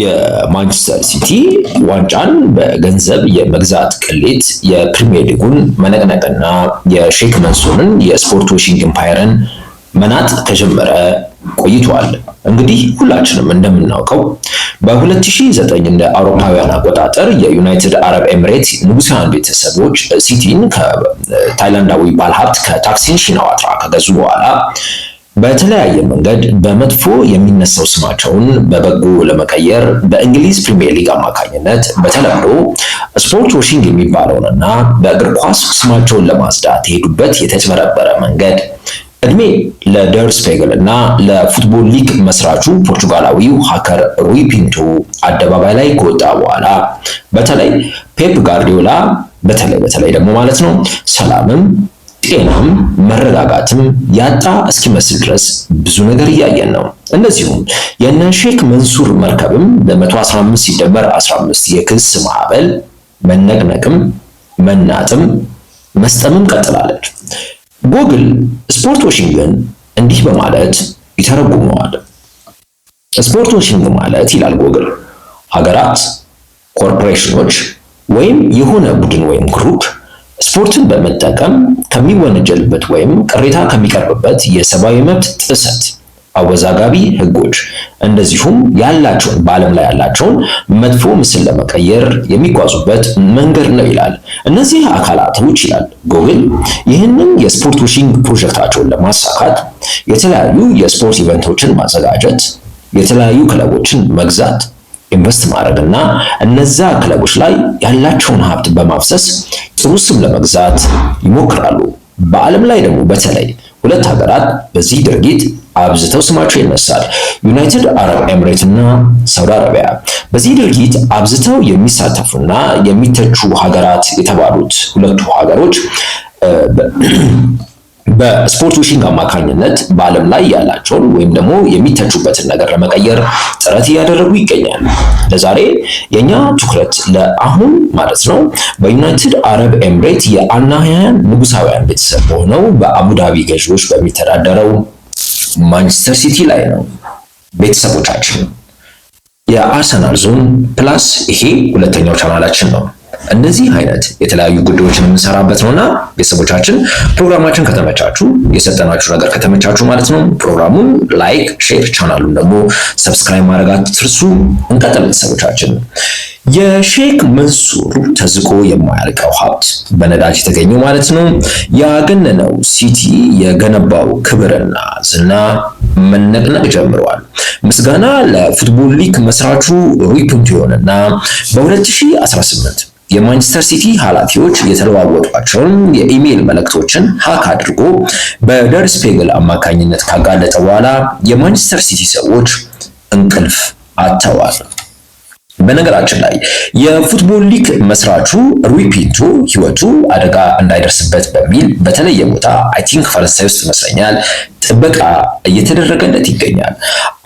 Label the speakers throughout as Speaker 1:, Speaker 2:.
Speaker 1: የማንቸስተር ሲቲ ዋንጫን በገንዘብ የመግዛት ቅሌት የፕሪሚየር ሊጉን መነቅነቅና የሼክ መንሱርን የስፖርት ዋሽንግ ኢምፓየርን መናጥ ከጀመረ ቆይቷል። እንግዲህ ሁላችንም እንደምናውቀው በ2009 እንደ አውሮፓውያን አቆጣጠር የዩናይትድ አረብ ኤምሬት ንጉሳን ቤተሰቦች ሲቲን ከታይላንዳዊ ባለሀብት ከታክሲን ሺናዋትራ ከገዙ በኋላ በተለያየ መንገድ በመጥፎ የሚነሳው ስማቸውን በበጎ ለመቀየር በእንግሊዝ ፕሪሚየር ሊግ አማካኝነት በተለምዶ ስፖርት ዋሺንግ የሚባለውንና በእግር ኳስ ስማቸውን ለማጽዳት የሄዱበት የተጭበረበረ መንገድ እድሜ ለደር ስፔግል እና ለፉትቦል ሊግ መስራቹ ፖርቹጋላዊው ሀከር ሩይ ፒንቶ አደባባይ ላይ ከወጣ በኋላ በተለይ ፔፕ ጋርዲዮላ በተለይ በተለይ ደግሞ ማለት ነው ሰላምም ጤናም መረጋጋትም ያጣ እስኪመስል ድረስ ብዙ ነገር እያየን ነው። እንደዚሁም የነ ሼክ መንሱር መርከብም በ115 ሲደመር 15 የክስ ማዕበል መነቅነቅም መናጥም መስጠምም ቀጥላለች። ጎግል ስፖርት ዋሽንግን እንዲህ በማለት ይተረጉመዋል። ስፖርት ዋሽንግ ማለት ይላል ጎግል ሀገራት፣ ኮርፖሬሽኖች ወይም የሆነ ቡድን ወይም ግሩፕ ስፖርትን በመጠቀም ከሚወነጀልበት ወይም ቅሬታ ከሚቀርብበት የሰብአዊ መብት ጥሰት አወዛጋቢ ህጎች እንደዚሁም ያላቸውን በዓለም ላይ ያላቸውን መጥፎ ምስል ለመቀየር የሚጓዙበት መንገድ ነው ይላል። እነዚህ አካላቶች ይላል ጎግል ይህንን የስፖርት ዊሽንግ ፕሮጀክታቸውን ለማሳካት የተለያዩ የስፖርት ኢቨንቶችን ማዘጋጀት፣ የተለያዩ ክለቦችን መግዛት ኢንቨስት ማድረግ እና እነዛ ክለቦች ላይ ያላቸውን ሀብት በማፍሰስ ጥሩ ለመግዛት ይሞክራሉ። በዓለም ላይ ደግሞ በተለይ ሁለት ሀገራት በዚህ ድርጊት አብዝተው ስማቸው ይነሳል። ዩናይትድ አረብ ኤምሬት እና ሳውዲ አረቢያ። በዚህ ድርጊት አብዝተው የሚሳተፉና የሚተቹ ሀገራት የተባሉት ሁለቱ ሀገሮች በስፖርት ዊሽንግ አማካኝነት በዓለም ላይ ያላቸውን ወይም ደግሞ የሚተቹበትን ነገር ለመቀየር ጥረት እያደረጉ ይገኛል። ለዛሬ የኛ ትኩረት ለአሁን ማለት ነው በዩናይትድ አረብ ኤምሬት የአናህያን ንጉሳውያን ቤተሰብ በሆነው በአቡዳቢ ገዢዎች በሚተዳደረው ማንቸስተር ሲቲ ላይ ነው። ቤተሰቦቻችን የአርሰናል ዞን ፕላስ ይሄ ሁለተኛው ቻናላችን ነው። እነዚህ አይነት የተለያዩ ጉዳዮችን የምንሰራበት ነውና እና ቤተሰቦቻችን ፕሮግራማችን ከተመቻችሁ የሰጠናችሁ ነገር ከተመቻችሁ ማለት ነው ፕሮግራሙን ላይክ፣ ሼር፣ ቻናሉን ደግሞ ሰብስክራይብ ማድረግ አትርሱ። እንቀጥል ቤተሰቦቻችን። የሼክ መንሱር ተዝቆ የማያልቀው ሀብት በነዳጅ የተገኘው ማለት ነው ያገነነው ሲቲ የገነባው ክብርና ዝና መነቅነቅ ጀምረዋል። ምስጋና ለፉትቦል ሊግ መስራቹ ሩይ ፒንቶ ይሆንና በ2018 የማንቸስተር ሲቲ ኃላፊዎች የተለዋወጧቸውን የኢሜይል መልእክቶችን ሀክ አድርጎ በደር ስፔግል አማካኝነት ካጋለጠ በኋላ የማንቸስተር ሲቲ ሰዎች እንቅልፍ አጥተዋል። በነገራችን ላይ የፉትቦል ሊግ መስራቹ ሩይ ፒንቶ ህይወቱ አደጋ እንዳይደርስበት በሚል በተለየ ቦታ አይ ቲንክ ፈረንሳይ ውስጥ ይመስለኛል ጥበቃ እየተደረገለት ይገኛል።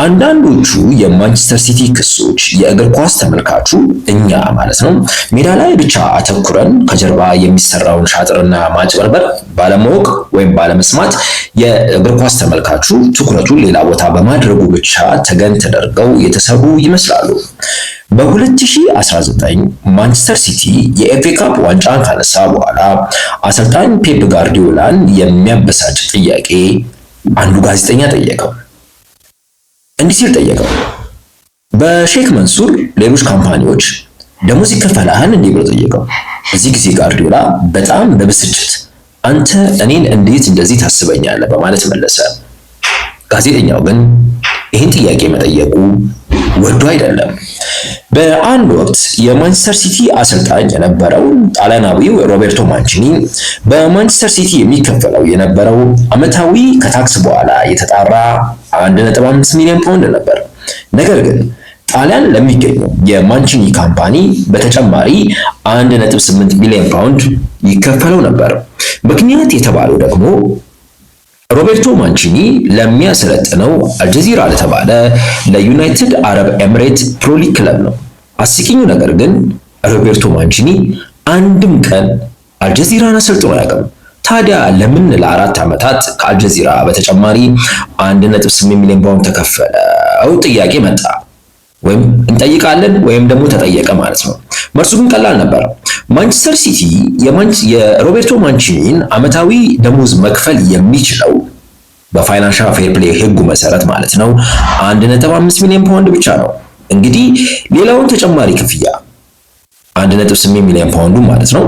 Speaker 1: አንዳንዶቹ የማንቸስተር ሲቲ ክሶች የእግር ኳስ ተመልካቹ እኛ ማለት ነው ሜዳ ላይ ብቻ አተኩረን ከጀርባ የሚሰራውን ሻጥርና ማጭበርበር ባለማወቅ ወይም ባለመስማት የእግር ኳስ ተመልካቹ ትኩረቱን ሌላ ቦታ በማድረጉ ብቻ ተገን ተደርገው የተሰሩ ይመስላሉ። በ2019 ማንቸስተር ሲቲ የኤፍኤ ካፕ ዋንጫን ካነሳ በኋላ አሰልጣኝ ፔፕ ጋርዲዮላን የሚያበሳጭ ጥያቄ አንዱ ጋዜጠኛ ጠየቀው። እንዲህ ሲል ጠየቀው፣ በሼክ መንሱር ሌሎች ካምፓኒዎች ደሞዝ ይከፈልሃል እንዲህ ብሎ ጠየቀው። በዚህ ጊዜ ጋርዲዮላ በጣም በብስጭት አንተ እኔን እንዴት እንደዚህ ታስበኛለህ በማለት መለሰ። ጋዜጠኛው ግን ይህን ጥያቄ መጠየቁ ወዶ አይደለም። በአንድ ወቅት የማንቸስተር ሲቲ አሰልጣኝ የነበረው ጣሊያናዊው ሮቤርቶ ማንቺኒ በማንቸስተር ሲቲ የሚከፈለው የነበረው ዓመታዊ ከታክስ በኋላ የተጣራ 1.5 ሚሊዮን ፓውንድ ነበር። ነገር ግን ጣሊያን ለሚገኘው የማንቺኒ ካምፓኒ በተጨማሪ 1.8 ሚሊዮን ፓውንድ ይከፈለው ነበር። ምክንያት የተባለው ደግሞ ሮቤርቶ ማንቺኒ ለሚያሰለጥነው አልጀዚራ ለተባለ ለዩናይትድ አረብ ኤምሬት ፕሮሊግ ክለብ ነው። አስቂኙ ነገር ግን ሮቤርቶ ማንቺኒ አንድም ቀን አልጀዚራን አሰልጥኖ አያውቅም። ታዲያ ለምን ለአራት ዓመታት ከአልጀዚራ በተጨማሪ 1.8 ሚሊዮን ፓውንድ ተከፈለው? ጥያቄ መጣ። ወይም እንጠይቃለን ወይም ደግሞ ተጠየቀ ማለት ነው። መርሱ ግን ቀላል ነበር። ማንቸስተር ሲቲ የሮቤርቶ ማንቺኒን አመታዊ ደሞዝ መክፈል የሚችለው በፋይናንሻል ፌር ፕሌይ መሰረት ማለት ነው 1.5 ሚሊዮን ፓውንድ ብቻ ነው። እንግዲህ ሌላውን ተጨማሪ ክፍያ አንድ ነጥብ ስምንት ሚሊዮን ፓውንዱ ማለት ነው።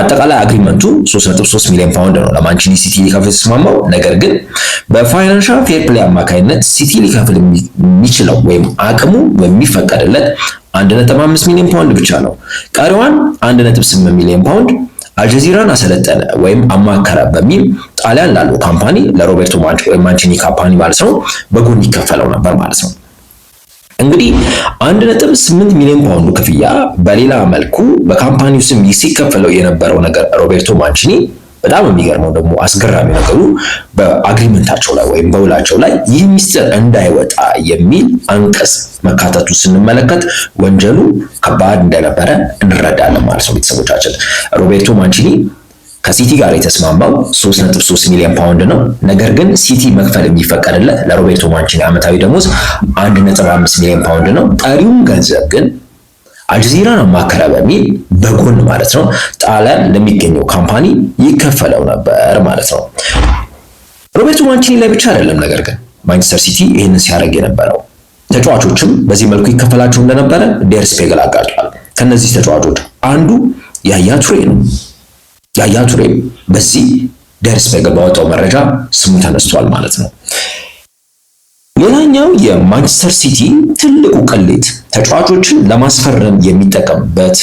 Speaker 1: አጠቃላይ አግሪመንቱ 3.3 ሚሊዮን ፓውንድ ነው ለማንቺኒ ሲቲ ሊከፍል የተስማማው። ነገር ግን በፋይናንሻል ፌር ፕሌይ አማካኝነት ሲቲ ሊከፍል የሚችለው ወይም አቅሙ በሚፈቀድለት 1.5 ሚሊዮን ፓውንድ ብቻ ነው። ቀሪዋን 1.8 ሚሊዮን ፓውንድ አልጀዚራን አሰለጠነ ወይም አማከረ በሚል ጣሊያን ላለው ካምፓኒ ለሮቤርቶ ማንቺኒ ካምፓኒ ማለት ነው በጎን ይከፈለው ነበር ማለት ነው። እንግዲህ 1.8 ሚሊዮን ፓውንዱ ክፍያ በሌላ መልኩ በካምፓኒው ስም ሲከፈለው የነበረው ነገር ሮቤርቶ ማንቺኒ በጣም የሚገርመው ደግሞ አስገራሚ ነገሩ በአግሪመንታቸው ላይ ወይም በውላቸው ላይ ይህ ሚስጥር እንዳይወጣ የሚል አንቀጽ መካተቱ ስንመለከት ወንጀሉ ከባድ እንደነበረ እንረዳለን ማለት ነው። ቤተሰቦቻችን ሮቤርቶ ማንቺኒ ከሲቲ ጋር የተስማማው 3.3 ሚሊዮን ፓውንድ ነው። ነገር ግን ሲቲ መክፈል የሚፈቀድለት ለሮቤርቶ ማንቺኒ ዓመታዊ ደሞዝ 1.5 ሚሊዮን ፓውንድ ነው። ቀሪውም ገንዘብ ግን አልጀዚራን አማከረ በሚል በጎን ማለት ነው ጣሊያን ለሚገኘው ካምፓኒ ይከፈለው ነበር ማለት ነው። ሮቤርቶ ማንቺኒ ላይ ብቻ አይደለም፣ ነገር ግን ማንቸስተር ሲቲ ይህንን ሲያደርግ የነበረው ተጫዋቾችም በዚህ መልኩ ይከፈላቸው እንደነበረ ዴር ስፒግል አጋልጧል። ከነዚህ ተጫዋቾች አንዱ ያያ ቱሬ ነው። ያያ ቱሬም በዚህ ደርስ ባወጣው መረጃ ስሙ ተነስቷል ማለት ነው። ሌላኛው የማንቸስተር ሲቲ ትልቁ ቅሌት ተጫዋቾችን ለማስፈረም የሚጠቀምበት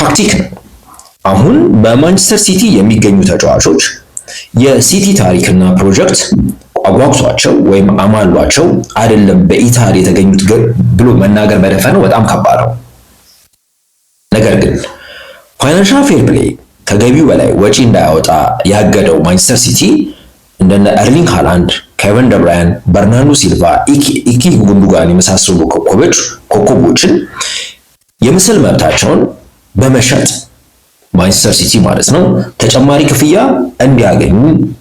Speaker 1: ታክቲክ ነው። አሁን በማንቸስተር ሲቲ የሚገኙ ተጫዋቾች የሲቲ ታሪክና ፕሮጀክት አጓጉቷቸው ወይም አማሏቸው አይደለም በኢታል የተገኙት ብሎ መናገር በደፈነው በጣም ከባድ ነው። ነገር ግን ፋይናንሻል ፌር ፕሌይ ከገቢው በላይ ወጪ እንዳያወጣ ያገደው ማንቸስተር ሲቲ እንደነ ኤርሊንግ ሃላንድ፣ ኬቨን ደብራያን፣ በርናንዶ ሲልቫ፣ ኢኪ ጉንዱጋን የመሳሰሉ ኮከቦች ኮከቦችን የምስል መብታቸውን በመሸጥ ማንቸስተር ሲቲ ማለት ነው ተጨማሪ ክፍያ እንዲያገኙ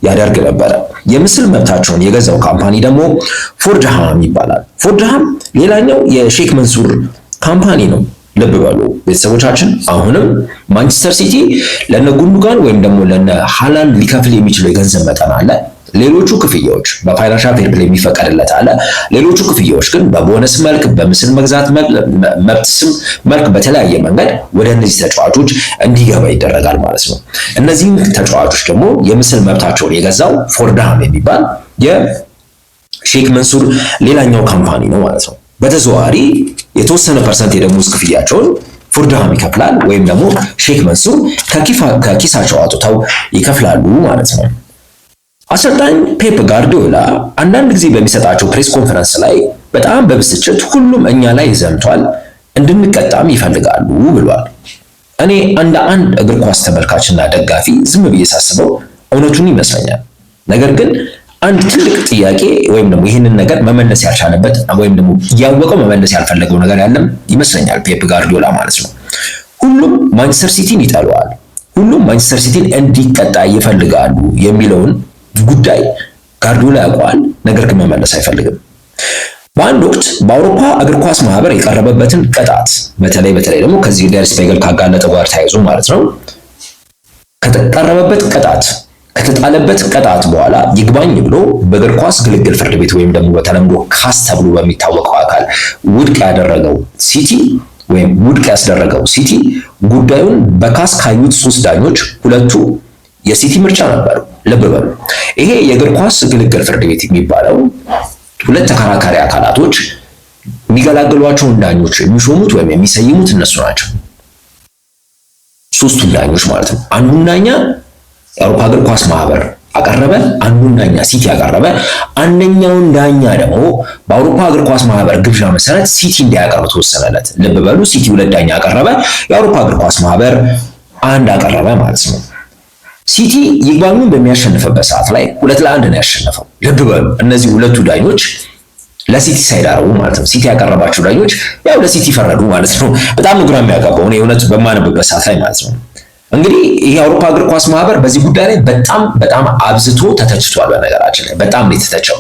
Speaker 1: ያደርግ ነበረ። የምስል መብታቸውን የገዛው ካምፓኒ ደግሞ ፎርድሃም ይባላል። ፎርድሃም ሌላኛው የሼክ መንሱር ካምፓኒ ነው። ልብ በሉ ቤተሰቦቻችን፣ አሁንም ማንቸስተር ሲቲ ለነ ጉንዱጋን ወይም ደግሞ ለነ ሃላንድ ሊከፍል የሚችለው የገንዘብ መጠን አለ። ሌሎቹ ክፍያዎች በፋይናንሻል ፌር ፕሌይ የሚፈቀድለት አለ። ሌሎቹ ክፍያዎች ግን በቦነስ መልክ፣ በምስል መግዛት መብት ስም መልክ በተለያየ መንገድ ወደ እነዚህ ተጫዋቾች እንዲገባ ይደረጋል ማለት ነው። እነዚህም ተጫዋቾች ደግሞ የምስል መብታቸውን የገዛው ፎርዳም የሚባል የሼክ መንሱር ሌላኛው ካምፓኒ ነው ማለት ነው። በተዘዋዋሪ የተወሰነ ፐርሰንት የደሞዝ ክፍያቸውን ፉርዳሃም ይከፍላል ወይም ደግሞ ሼክ መንሱር ከኪሳቸው አውጥተው ይከፍላሉ ማለት ነው። አሰልጣኝ ፔፕ ጋርዲዮላ አንዳንድ ጊዜ በሚሰጣቸው ፕሬስ ኮንፈረንስ ላይ በጣም በብስጭት ሁሉም እኛ ላይ ዘምቷል፣ እንድንቀጣም ይፈልጋሉ ብሏል። እኔ እንደ አንድ እግር ኳስ ተመልካችና ደጋፊ ዝም ብዬ ሳስበው እውነቱን ይመስለኛል። ነገር ግን አንድ ትልቅ ጥያቄ ወይም ደግሞ ይህንን ነገር መመለስ ያልቻለበት ወይም ደግሞ እያወቀው መመለስ ያልፈለገው ነገር ያለም ይመስለኛል ፔፕ ጋርዲዮላ ማለት ነው። ሁሉም ማንቸስተር ሲቲን ይጠለዋል፣ ሁሉም ማንቸስተር ሲቲን እንዲቀጣ ይፈልጋሉ የሚለውን ጉዳይ ጋርዲዮላ ያውቀዋል። ነገር ግን መመለስ አይፈልግም። በአንድ ወቅት በአውሮፓ እግር ኳስ ማህበር የቀረበበትን ቅጣት በተለይ በተለይ ደግሞ ከዚህ ዴር ስፔገል ካጋለጠው ጋር ተያይዞ ማለት ነው ከተቀረበበት ቅጣት ከተጣለበት ቅጣት በኋላ ይግባኝ ብሎ በእግር ኳስ ግልግል ፍርድ ቤት ወይም ደግሞ በተለምዶ ካስ ተብሎ በሚታወቀው አካል ውድቅ ያደረገው ሲቲ ወይም ውድቅ ያስደረገው ሲቲ ጉዳዩን በካስ ካዩት ሶስት ዳኞች ሁለቱ የሲቲ ምርጫ ነበሩ። ልብ በሉ። ይሄ የእግር ኳስ ግልግል ፍርድ ቤት የሚባለው ሁለት ተከራካሪ አካላቶች የሚገላግሏቸውን ዳኞች የሚሾሙት ወይም የሚሰይሙት እነሱ ናቸው። ሶስቱን ዳኞች ማለት ነው። አንዱን ዳኛ የአውሮፓ እግር ኳስ ማህበር አቀረበ። አንዱን ዳኛ ሲቲ ያቀረበ፣ አንደኛውን ዳኛ ደግሞ በአውሮፓ እግር ኳስ ማህበር ግብዣ መሰረት ሲቲ እንዲያቀርብ ተወሰነለት። ልብ በሉ ሲቲ ሁለት ዳኛ አቀረበ፣ የአውሮፓ እግር ኳስ ማህበር አንድ አቀረበ ማለት ነው። ሲቲ ይግባኙን በሚያሸንፍበት ሰዓት ላይ ሁለት ለአንድ ነው ያሸነፈው። ልብ በሉ እነዚህ ሁለቱ ዳኞች ለሲቲ ሳይዳረቡ ማለት ነው። ሲቲ ያቀረባቸው ዳኞች ያው ለሲቲ ፈረዱ ማለት ነው። በጣም ግራ የሚያጋባው እውነት በማነብበት ሰዓት ላይ ማለት ነው። እንግዲህ ይህ የአውሮፓ እግር ኳስ ማህበር በዚህ ጉዳይ ላይ በጣም በጣም አብዝቶ ተተችቷል። በነገራችን ላይ በጣም ነው የተተቸው።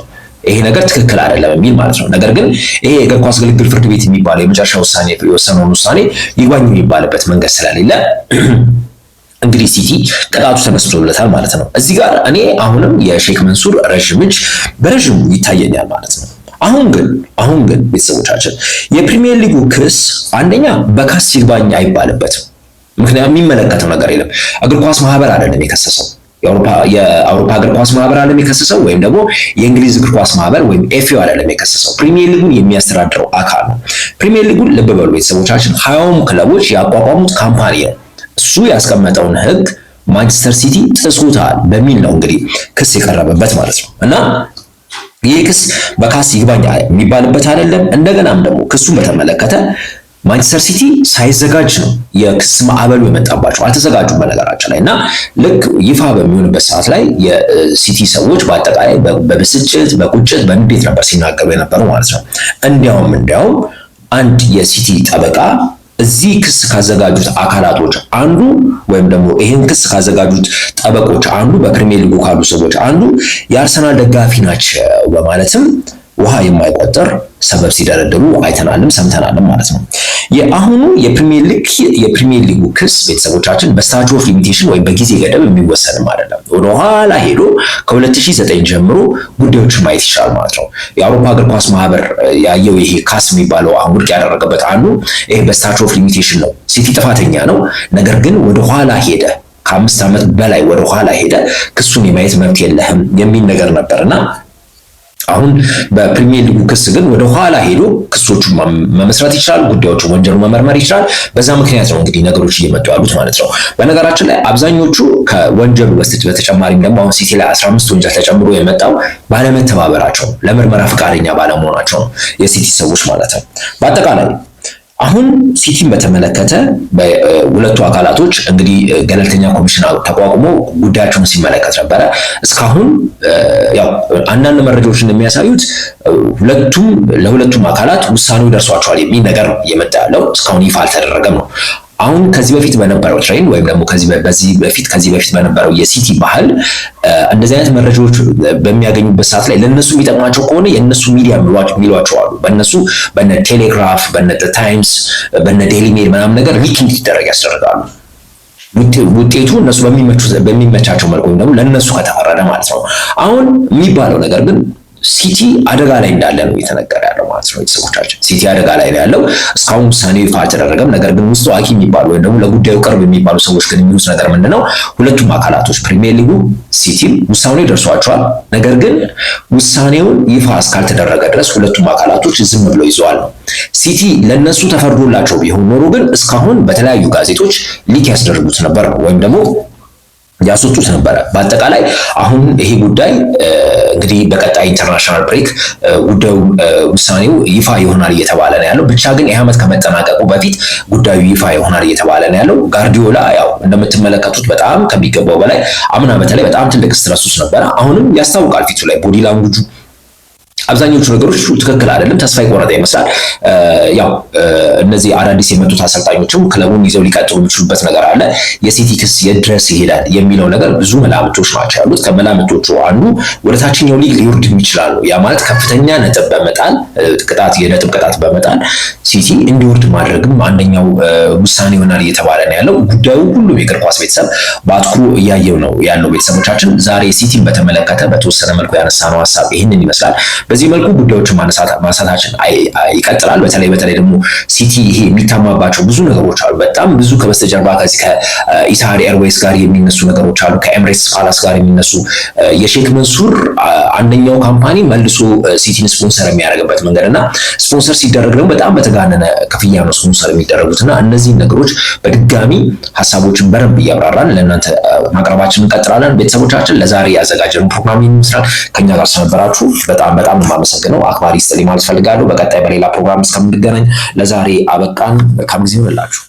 Speaker 1: ይሄ ነገር ትክክል አይደለም የሚል ማለት ነው። ነገር ግን ይሄ የእግር ኳስ ግልግል ፍርድ ቤት የሚባለው የመጨረሻ ውሳኔ የወሰነውን ውሳኔ ይግባኝ የሚባልበት መንገድ ስለሌለ እንግዲህ ሲቲ ቅጣቱ ተመስርቶለታል ማለት ነው። እዚህ ጋር እኔ አሁንም የሼክ መንሱር ረዥም እጅ በረዥሙ ይታየኛል ማለት ነው። አሁን ግን አሁን ግን ቤተሰቦቻችን የፕሪሚየር ሊጉ ክስ አንደኛ በካስ ይግባኝ አይባልበትም። ምክንያቱም የሚመለከተው ነገር የለም። እግር ኳስ ማህበር አይደለም የከሰሰው የአውሮፓ እግር ኳስ ማህበር አይደለም የከሰሰው ወይም ደግሞ የእንግሊዝ እግር ኳስ ማህበር ወይም ኤፍኤ አይደለም የከሰሰው ፕሪሚየር ሊጉን የሚያስተዳድረው አካል ነው። ፕሪሚየር ሊጉን ልብ በሉ ቤተሰቦቻችን፣ ሀያውም ክለቦች ያቋቋሙት ካምፓኒ ነው። እሱ ያስቀመጠውን ህግ ማንቸስተር ሲቲ ጥሶታል በሚል ነው እንግዲህ ክስ የቀረበበት ማለት ነው እና ይህ ክስ በካስ ይግባኝ የሚባልበት አይደለም። እንደገናም ደግሞ ክሱን በተመለከተ ማንቸስተር ሲቲ ሳይዘጋጅ ነው የክስ ማዕበሉ የመጣባቸው። አልተዘጋጁም በነገራቸው ላይ እና ልክ ይፋ በሚሆንበት ሰዓት ላይ የሲቲ ሰዎች በአጠቃላይ በብስጭት በቁጭት በንዴት ነበር ሲናገሩ የነበረው ማለት ነው። እንዲያውም እንዲያውም አንድ የሲቲ ጠበቃ እዚህ ክስ ካዘጋጁት አካላቶች አንዱ ወይም ደግሞ ይህን ክስ ካዘጋጁት ጠበቆች አንዱ በፕሪሚየር ሊጉ ካሉ ሰዎች አንዱ የአርሰናል ደጋፊ ናቸው በማለትም ውሃ የማይቆጠር ሰበብ ሲደረድሩ አይተናልም ሰምተናልም ማለት ነው። የአሁኑ የፕሪሚየር ሊግ የፕሪሚየር ሊጉ ክስ ቤተሰቦቻችን በስታቹ ኦፍ ሊሚቴሽን ወይም በጊዜ ገደብ የሚወሰንም አይደለም። ወደ ኋላ ሄዶ ከ2009 ጀምሮ ጉዳዮችን ማየት ይሻል ማለት ነው። የአውሮፓ እግር ኳስ ማህበር ያየው ይሄ ካስ የሚባለው አሁን ውድቅ ያደረገበት አንዱ ይሄ በስታቹ ኦፍ ሊሚቴሽን ነው። ሲቲ ጥፋተኛ ነው፣ ነገር ግን ወደ ኋላ ሄደ ከአምስት ዓመት በላይ ወደ ኋላ ሄደ ክሱን የማየት መብት የለህም የሚል ነገር ነበርና አሁን በፕሪሚየር ሊጉ ክስ ግን ወደ ኋላ ሄዶ ክሶቹ መመስረት ይችላል። ጉዳዮቹ ወንጀሉ መመርመር ይችላል። በዛ ምክንያት ነው እንግዲህ ነገሮች እየመጡ ያሉት ማለት ነው። በነገራችን ላይ አብዛኞቹ ከወንጀሉ በተጨማሪም ደግሞ አሁን ሲቲ ላይ 15 ወንጀል ተጨምሮ የመጣው ባለመተባበራቸው፣ ለምርመራ ፈቃደኛ ባለመሆናቸው ነው የሲቲ ሰዎች ማለት ነው በአጠቃላይ አሁን ሲቲን በተመለከተ ሁለቱ አካላቶች እንግዲህ ገለልተኛ ኮሚሽን ተቋቁሞ ጉዳያቸውን ሲመለከት ነበረ። እስካሁን ያው አንዳንድ መረጃዎች እንደሚያሳዩት ሁለቱም ለሁለቱም አካላት ውሳኔው ደርሷቸዋል የሚል ነገር ነው እየመጣ ያለው። እስካሁን ይፋ አልተደረገም ነው። አሁን ከዚህ በፊት በነበረው ትሬንድ ወይም ደግሞ በዚህ በፊት ከዚህ በፊት በነበረው የሲቲ ባህል እንደዚህ አይነት መረጃዎች በሚያገኙበት ሰዓት ላይ ለእነሱ የሚጠቅማቸው ከሆነ የእነሱ ሚዲያ የሚሏቸው አሉ። በእነሱ በነ ቴሌግራፍ፣ በነ ታይምስ፣ በነ ዴሊ ሜል ምናምን ነገር ሊክ እንዲደረግ ያስደርጋሉ። ውጤቱ እነሱ በሚመቻቸው መልኩ ወይም ደግሞ ለእነሱ ከተፈረደ ማለት ነው። አሁን የሚባለው ነገር ግን ሲቲ አደጋ ላይ እንዳለ ነው እየተነገረ ያለው ማለት ነው። ቤተሰቦቻችን ሲቲ አደጋ ላይ ነው ያለው። እስካሁን ውሳኔ ይፋ አልተደረገም። ነገር ግን ውስጡ አዋቂ የሚባሉ ወይም ደግሞ ለጉዳዩ ቅርብ የሚባሉ ሰዎች ግን የሚሉት ነገር ምንድን ነው? ሁለቱም አካላቶች ፕሪሚየር ሊጉ፣ ሲቲም ውሳኔ ደርሷቸዋል። ነገር ግን ውሳኔውን ይፋ እስካልተደረገ ድረስ ሁለቱም አካላቶች ዝም ብለው ይዘዋል ነው። ሲቲ ለእነሱ ተፈርዶላቸው ቢሆን ኖሮ ግን እስካሁን በተለያዩ ጋዜጦች ሊክ ያስደርጉት ነበር ወይም ደግሞ ያስወጡት ነበረ። በአጠቃላይ አሁን ይሄ ጉዳይ እንግዲህ በቀጣይ ኢንተርናሽናል ብሬክ ጉዳዩ ውሳኔው ይፋ ይሆናል እየተባለ ነው ያለው። ብቻ ግን ይህ ዓመት ከመጠናቀቁ በፊት ጉዳዩ ይፋ ይሆናል እየተባለ ነው ያለው። ጋርዲዮላ ያው እንደምትመለከቱት በጣም ከሚገባው በላይ አምና በተለይ በጣም ትልቅ ስትረስ ውስጥ ነበረ። አሁንም ያስታውቃል ፊቱ ላይ ቦዲ ላንጉጁ አብዛኞቹ ነገሮች ትክክል አይደለም። ተስፋ የቆረጠ ይመስላል። ያው እነዚህ አዳዲስ የመጡት አሰልጣኞችም ክለቡን ይዘው ሊቀጥሉ የሚችሉበት ነገር አለ። የሲቲ ክስ የድረስ ይሄዳል የሚለው ነገር ብዙ መላምቶች ናቸው ያሉት። ከመላምቶቹ አንዱ ወደ ታችኛው ሊግ ሊወርድ ይችላሉ። ያ ማለት ከፍተኛ ነጥብ በመጣል ቅጣት፣ የነጥብ ቅጣት በመጣል ሲቲ እንዲወርድ ማድረግም አንደኛው ውሳኔ ይሆናል እየተባለ ነው ያለው። ጉዳዩ ሁሉም የእግር ኳስ ቤተሰብ በአትኩሮ እያየው ነው ያለው። ቤተሰቦቻችን ዛሬ ሲቲን በተመለከተ በተወሰነ መልኩ ያነሳነው ሀሳብ ይህንን ይመስላል። በዚህ መልኩ ጉዳዮችን ማንሳታችን ይቀጥላል። በተለይ በተለይ ደግሞ ሲቲ ይሄ የሚታማባቸው ብዙ ነገሮች አሉ። በጣም ብዙ ከበስተጀርባ ከዚህ ከኢትሃድ ኤርዌይስ ጋር የሚነሱ ነገሮች አሉ። ከኤምሬትስ ፓላስ ጋር የሚነሱ የሼክ መንሱር አንደኛው ካምፓኒ መልሶ ሲቲን ስፖንሰር የሚያደርግበት መንገድ እና ስፖንሰር ሲደረግ ደግሞ በጣም በተጋነነ ክፍያ ነው ስፖንሰር የሚደረጉት እና እነዚህን ነገሮች በድጋሚ ሀሳቦችን በደንብ እያብራራን ለእናንተ ማቅረባችን እንቀጥላለን። ቤተሰቦቻችን ለዛሬ ያዘጋጀነው ፕሮግራም ይመስላል። ከኛ ጋር ስለነበራችሁ በጣም በጣም ነው የማመሰግነው። አክባሪ ስጥልኝ ማለት ፈልጋለሁ። በቀጣይ በሌላ ፕሮግራም እስከምንገናኝ ለዛሬ አበቃን። መልካም ጊዜ ይሆንላችሁ።